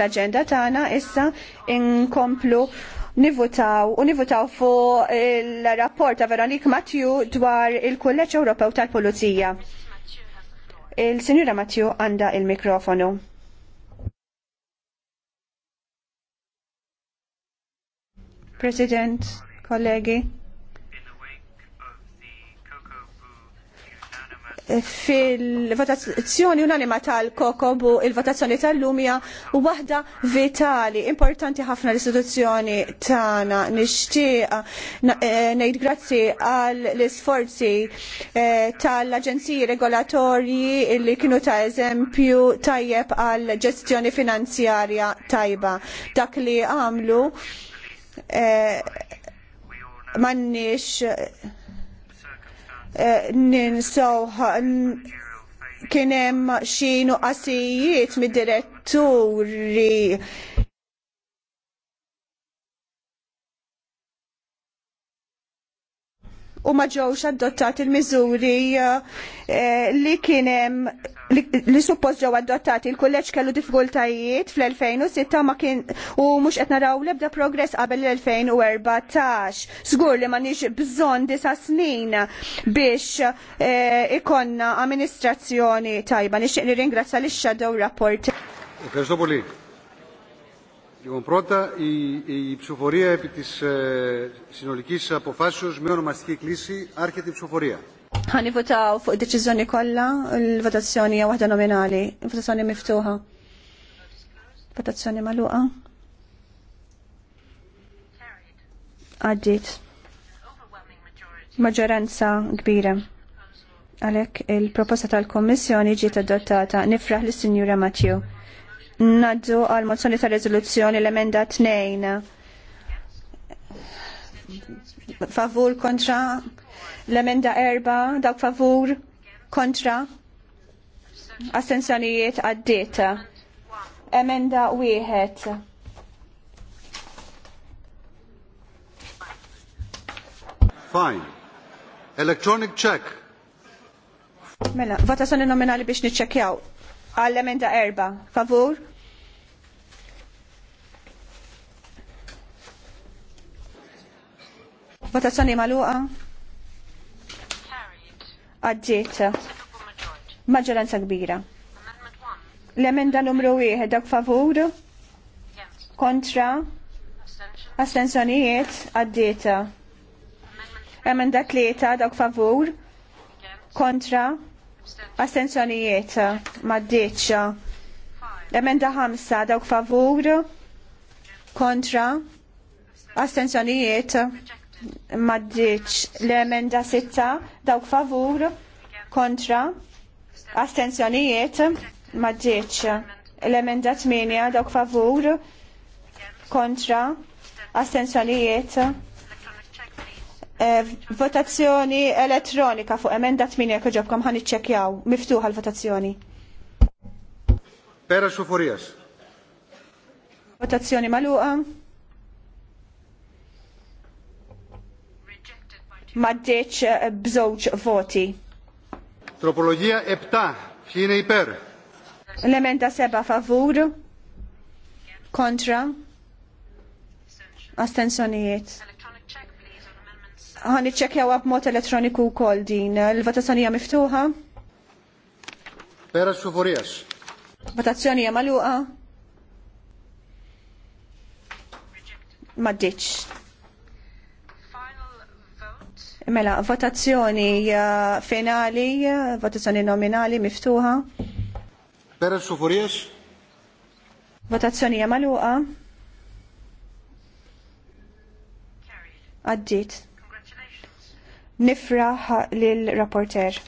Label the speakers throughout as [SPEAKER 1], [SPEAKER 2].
[SPEAKER 1] l-agenda tagħna issa inkomplu nivutaw u nivutaw fuq l rapport ta' Veronik Mathieu dwar il-Kulleġġ Ewropew tal-Pulizija. Il-Sinjura Mathieu għandha il-mikrofonu. President, kollegi. fil-votazzjoni unanima tal-Kokobu il-votazzjoni tal-Lumja u waħda vitali, importanti ħafna l-istituzzjoni tana nishtiq nejt eh, grazzi għall-isforzi eh, tal-Aġenziji Regolatorji li kienu ta' eżempju tajjeb għal ġestjoni finanzjarja tajba. Dak li għamlu eh, manniex. Eh, ninsaw kienem xinu qasijiet mid-diretturi u ma ġewx adottat il-miżuri eh, li kien hemm li suppost ġew adottati il-kulleġġ kellu diffikultajiet fl-2006 ma kien u mhux qed naraw l-ebda progress qabel l-2014. Żgur li ma nix bżonn disa snin biex eh, ikonna amministrazzjoni tajba. Nixtieq nirringrazzja lix-shadow rapport.
[SPEAKER 2] Λοιπόν, πρώτα η, η ψηφορία επί της ε, συνολικής αποφάσεως με ονομαστική κλίση άρχεται η ψηφορία.
[SPEAKER 1] Χάνι votaw fuq deċiżjoni kollha, il-votazzjoni hija waħda nominali, il-votazzjoni miftuħa. Votazzjoni magħluqa. Għaddiet. Maġġoranza kbira. Għalhekk il-proposta tal-Kommissjoni ġiet adottata. Nifraħ Ματιού. sinjura Matthew. Naddu għal mozzjoni ta' rezoluzzjoni l-emenda 2. Favur kontra l-emenda 4, dawk favur kontra Astenzjonijiet għaddit. Emenda 1.
[SPEAKER 2] Fine. Electronic check.
[SPEAKER 1] Mela, votazzjoni nominali biex niċċekjaw għall-emenda erba. Favur? Votazzjoni maluqa? Għadġiet. Maġġoranza kbira. L-emenda numru wieħed dak favur? Kontra? Astenzjonijiet għaddieta. Emenda tlieta dak favur? Kontra? Astenzjonijiet maddiċ. Emenda ħamsa dawk favur kontra astenzjonijiet maddeċ. l-emenda sitta dawk favur kontra astenzjonijiet maddeċ. l-emenda 8 dawk favur kontra astenzjonijiet Eh, votazzjoni elettronika fuq emenda 8 jekk ġobkom ħan iċċekjaw. Miftuħa l-votazzjoni.
[SPEAKER 2] Pera xufurijas.
[SPEAKER 1] Votazzjoni maluqa. Maddeċ eh, bżoċ voti.
[SPEAKER 2] Tropologija ebta, xine iper.
[SPEAKER 1] L-emenda seba favur. Kontra. Astensjonijiet ħan għab b'mod elettroniku wkoll din. Il-votazzjoni hija miftuħa?
[SPEAKER 2] Pera xufurijas.
[SPEAKER 1] Votazzjoni għam għaluqa? Maddiċ. Mela, votazzjoni finali, votazzjoni nominali miftuħa.
[SPEAKER 2] Pera xufurijas?
[SPEAKER 1] Votazzjoni hija magħluqa? Għaddit nifraħ lill-rapporter.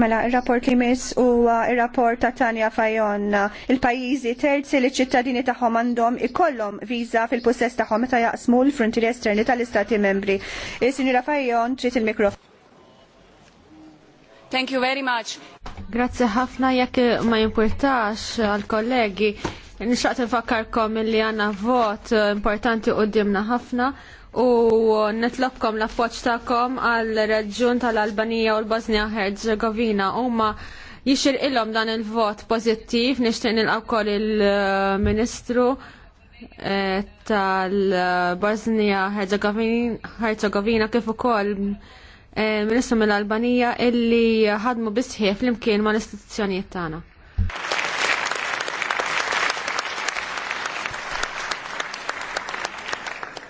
[SPEAKER 1] Mela, il-rapport li mis u il-rapport ta' Tanja Fajon. Il-pajizi terzi li ċittadini tagħhom għandhom ikollhom viża fil-possess tagħhom meta jaqsmu l frontier esterni tal-Istati membri. Il-Sinjura Fajon trid il-mikrofon. Thank you very much.
[SPEAKER 3] Grazzi ħafna jekk ma jimpurtax għal kollegi Nixtaqt nfakkarkom li għanna vot eh, importanti dimna ħafna u netlobkom l-appoċ ta'kom għal reġjun tal-Albanija u l-Bosnia Herzegovina huma jixir ilhom dan il-vot pozittiv nixtieq nilqaw ukoll il-Ministru eh, tal-Bosnia Herzegovina kif ukoll eh, Ministru mill-Albanija illi ħadmu l-imkien flimkien mal istituzzjonijiet tagħna.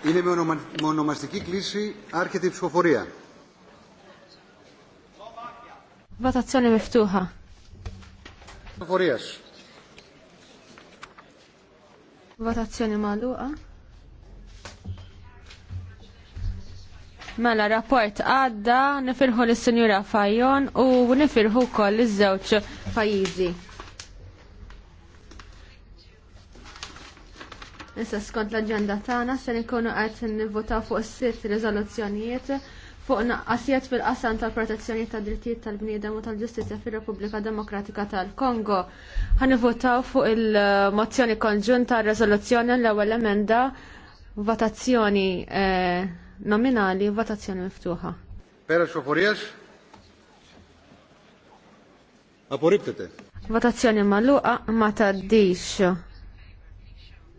[SPEAKER 2] Είναι με ονομα... ονομαστική κλίση άρχεται η ψηφοφορία.
[SPEAKER 3] με φτούχα.
[SPEAKER 2] Ψηφοφορίας.
[SPEAKER 3] Βατατσόνη μαλούα. Mela, rapport għadda, nifirħu l-Senjura Fajon u nifirħu koll iż-żewġ pajizi. Issa skont l-agenda tagħna se nkunu qed nivvotaw fuq sitt riżoluzzjonijiet fuq naqqasijiet fil-qasam tal-protezzjoni tad drittijiet tal-bniedem u tal-ġustizja fir-Repubblika Demokratika tal-Kongo. Ħanivvotaw fuq il-mozzjoni konġunta r-riżoluzzjoni l-ewwel emenda votazzjoni eh, nominali, votazzjoni miftuħa.
[SPEAKER 2] Pera xofuriex? Apporibtete.
[SPEAKER 3] Votazzjoni magħluqa ma tgħaddix.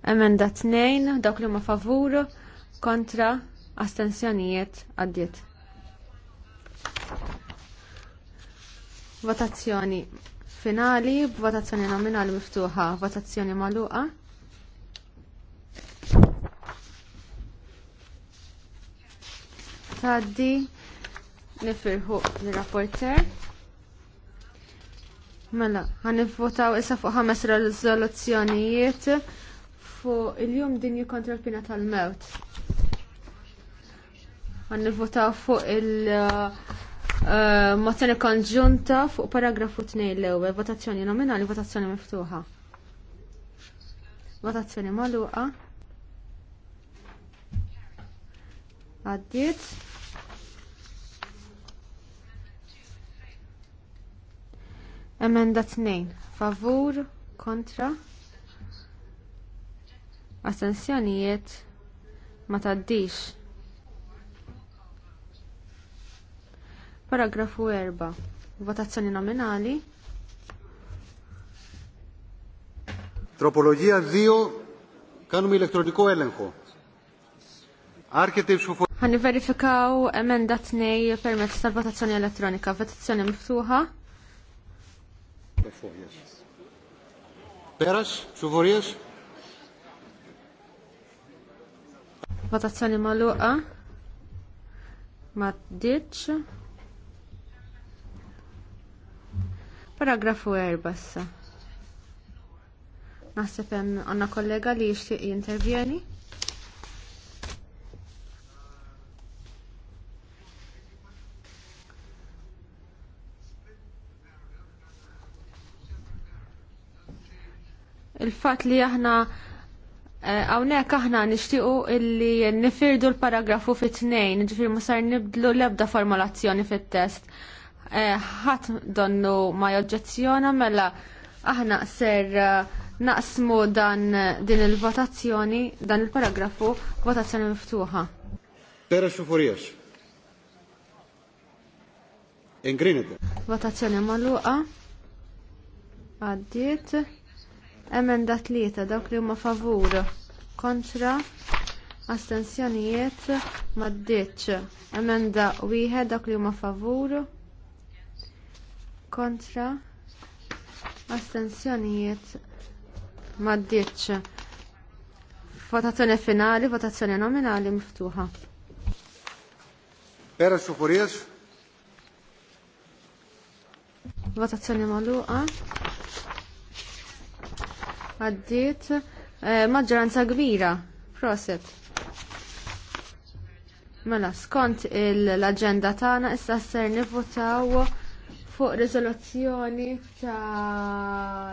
[SPEAKER 3] Emenda tnejn dawk li huma favur kontra astensjonijiet għaddiet. Votazzjoni finali, votazzjoni nominali miftuħa, votazzjoni magħluqa. Taddi nifirħu l-rapporter. Mela, għanifvotaw issa fuq ħames rezoluzzjonijiet fuq il-jum dinju kontra l-pina tal-mewt. Għan votaw fuq il-mozzjoni uh, uh, konġunta fuq paragrafu 2 l-ewwel, votazzjoni nominali, votazzjoni miftuħa. Votazzjoni magħluqa. Għaddiet. Emenda 2. Favur, kontra astensjonijiet ma taddix. Paragrafu 4. Votazzjoni nominali.
[SPEAKER 2] Τροπολογία 2. Κάνουμε ηλεκτρονικό έλεγχο. Άρχεται η ψηφοφορία. Għan
[SPEAKER 3] verifikaw emenda 2 permezz tal-votazzjoni elettronika. Votazzjoni miftuħa.
[SPEAKER 2] Peras, ψηφορίες.
[SPEAKER 3] Votazzjoni maluqa. Ma ditx. Paragrafu 4 issa. Naħseb għanna kollega li jixtieq jintervjeni. il-fat li aħna Għawnek aħna nishtiqu illi nifirdu l-paragrafu fit tnejn ġifir musar nibdlu l-ebda formulazzjoni fit test eh, ħat donnu ma joġġezzjona mela aħna ser eh, naqsmu dan din il-votazzjoni, dan il-paragrafu, votazzjoni miftuħa.
[SPEAKER 2] Tera xufurijax. Ingrinita.
[SPEAKER 3] Votazzjoni maluqa. Għaddiet. Emenda tlieta dawk li huma favur kontra astensjonijiet maddiċ. Emenda wieħed dawk li huma favur kontra astensjonijiet maddiċ. Votazzjoni finali, votazzjoni nominali miftuħa. Pera Votazzjoni magħluqa għaddiet eh, maġġoranza kbira. Proset. Mela, skont l-agenda tagħna issa ser nivvotaw fuq riżoluzzjoni ta'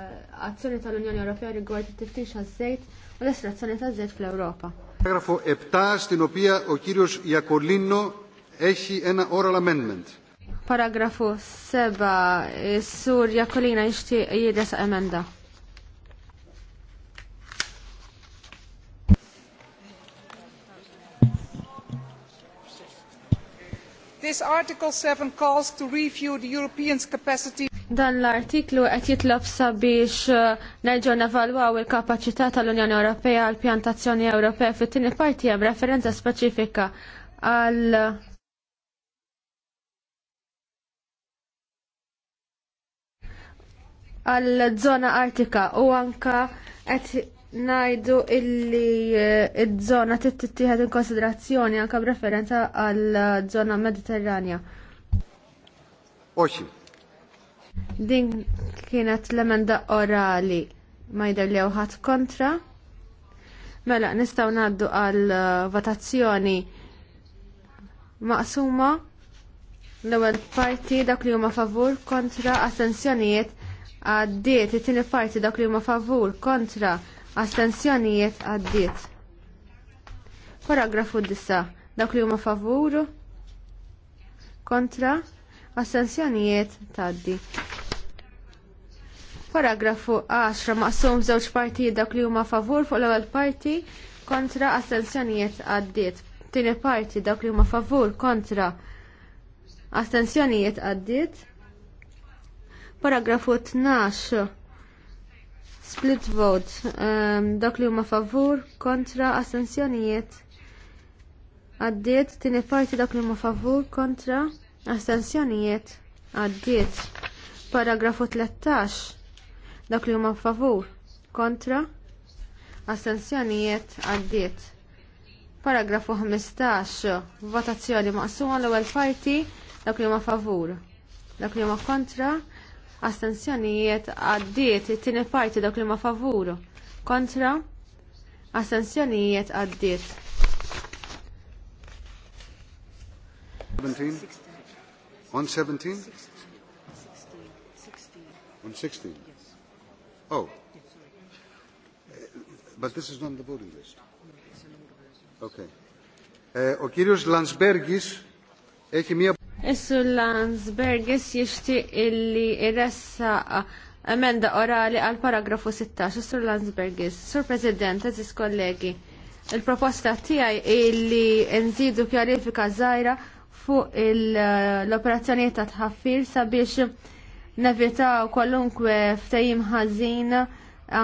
[SPEAKER 3] azzjoni tal-Unjoni Ewropea rigward it-tiftix għaż-żejt u l-estrazzjoni taż-żejt fl-Ewropa.
[SPEAKER 2] Paragrafu 7 στην opija u kirjux Jakollinno έχει ena oral amendment.
[SPEAKER 3] Paragrafu 7 Sur Jakolina jixtieq jidres emenda.
[SPEAKER 2] this Article 7 calls to review the European's capacity Dan
[SPEAKER 3] l-artiklu qed jitlob sabiex uh, nerġgħu nevalwaw il-kapaċità tal-Unjoni Ewropea għal pjantazzjoni Ewropea fit-tieni parti hemm referenza speċifika għal għal zona artika u anka qed najdu illi eh, id-żona tittieħed in konsiderazzjoni anke b'referenza għal żona mediterranja. Oċi. Din kienet l-emenda orali ma jidher li ħadd kontra. Mela, nistgħu ngħaddu għal eh, votazzjoni maqsuma l-ewwel parti dak li huma favur kontra astensjonijiet għaddiet it-tieni parti dak li huma favur kontra astensjonijiet għaddiet. Paragrafu dissa, Dak li huma favuru? kontra astensjonijiet taddi. Paragrafu 10 maqsum żewġ parti dak li huma favur fuq l-ewwel parti kontra astensjonijiet għaddiet. Tieni parti dak li huma favur kontra astensjonijiet għaddiet. Paragrafu 12 Split vote. Um, ehm, dak li huma favur, kontra, astensjonijiet. Għaddiet, tieni parti dak li huma favur, kontra, astensjonijiet. Għaddiet. Paragrafu 13. Dak li huma favur, kontra, astensjonijiet. Għaddiet. Paragrafu 15. Votazzjoni maqsuma l-ewwel parti dak li huma favur. Dak li huma kontra, astensjonijiet għaddiet it-tieni parti dawk li ma favuru kontra astensjonijiet għaddiet.
[SPEAKER 2] 17 Oh But this is not the voting list. Okay. Eh, ο κύριος Λανσμπέργης έχει μία
[SPEAKER 3] Issu Landsbergis jixtieq illi irressa emenda orali għal paragrafu 16. Issu Landsbergis, Sur President, eżis kollegi, il-proposta tiegħi illi nżidu kjarifika żgħira fuq l-operazzjonijiet ta' tħaffir sabiex nevitaw kwalunkwe ftajim ħażin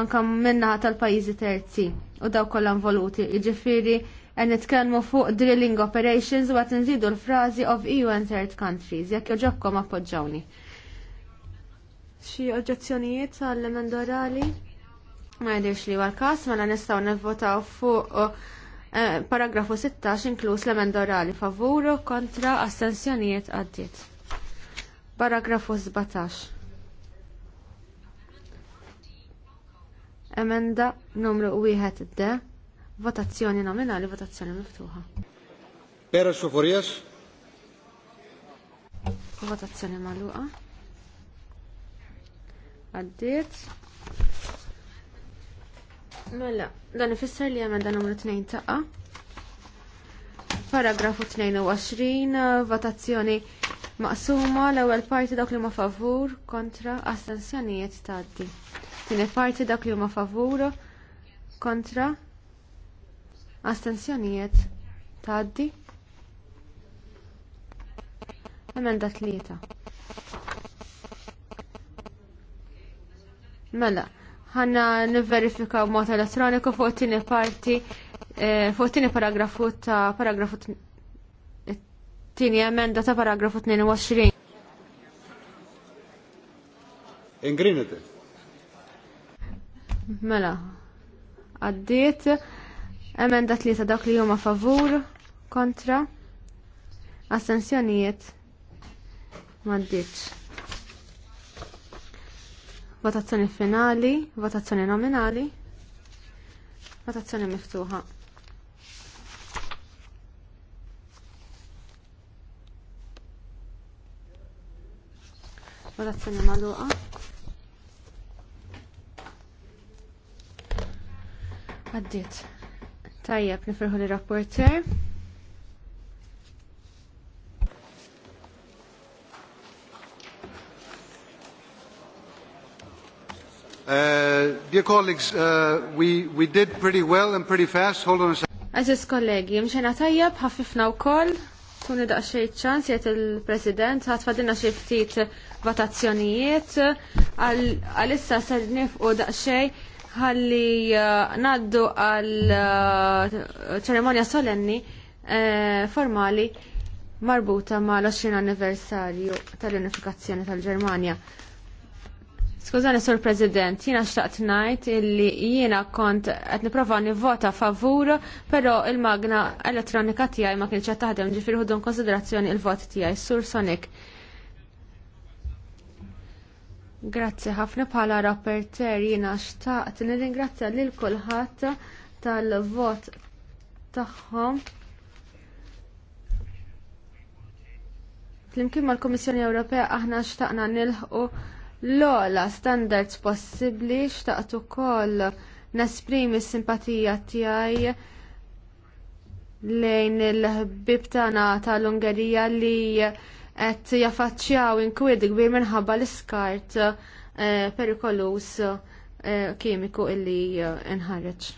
[SPEAKER 3] anke minna tal-pajjiżi terzi u daw kollha involuti. Jiġifieri għan nitkellmu fuq drilling operations u għat nżidu l-frazi of EU and third countries, jekk joġobkom appoġġawni. Xi oġġezzjonijiet għall-emend orali? Ma jidirx li għal-kas, mela nistaw nivvotaw fuq uh, paragrafu 16 inkluż l-emend orali favuru kontra astensjonijiet għaddiet. Paragrafu 17. Emenda numru 1 d Votazzjoni nominali, votazzjoni miftuħa.
[SPEAKER 2] Pera xufurijas?
[SPEAKER 3] Votazzjoni maluqa. Għaddiet. Mela, dan ifisser li għamel dan numru 2 taqqa. Paragrafu 22, votazzjoni maqsuma l-ewwel parti dak li ma favur kontra astensjonijiet tgħaddi. Tieni parti dak li huma favur kontra Astenzjonijiet tgħaddi. Emenda tlieta. Mela, ħanna nivverifika b'mod elettroniku fuq tieni parti eh, fuq tieni paragrafu ta' paragrafu tieni emenda ta' paragrafu 22. Ingrinete. Mela, għaddiet Emenda tlieta dawk li huma favur kontra astensjonijiet m'għaddiċ. Votazzjoni finali, votazzjoni nominali, votazzjoni miftuħa. Votazzjoni magħluqa. Għaddiet. Tajjeb, nifirħu li rapporter.
[SPEAKER 2] Uh, dear colleagues, uh, we, we did pretty well and pretty fast. Hold on a second.
[SPEAKER 3] Aziz kollegi, mxena tajjeb, ħafifna u koll, tuni daqxie ċans jiet il-president, ħatfadina xie ftit votazzjonijiet, għal-issa sal-nif u daqxie ħalli eh, naddu għal eh, ċeremonja solenni eh, formali marbuta ma l-20 anniversarju tal-unifikazzjoni tal-Ġermanja. Skużani, Sur President, jiena xtaqt ngħid illi jiena kont qed nipprova nivvota favur, però il-magna elettronika tiegħi ma kienċa taħdem ġifir konsiderazzjoni il-vot tiegħi. Sur Sonic. Grazzi ħafna bħala rapporter jina xtaqt nirringrazzja lil kulħadd tal-vot tagħhom. Flimkien mal-Kummissjoni Ewropea aħna xtaqna nilħqu l-ola standards possibbli xtaqt ukoll nesprimi s-simpatija tiegħi lejn il-ħbib tagħna tal-Ungerija li qed jaffaċċjaw inkwied kbir minħabba l-iskart eh, perikolus eh, kimiku illi eh, nħareġ.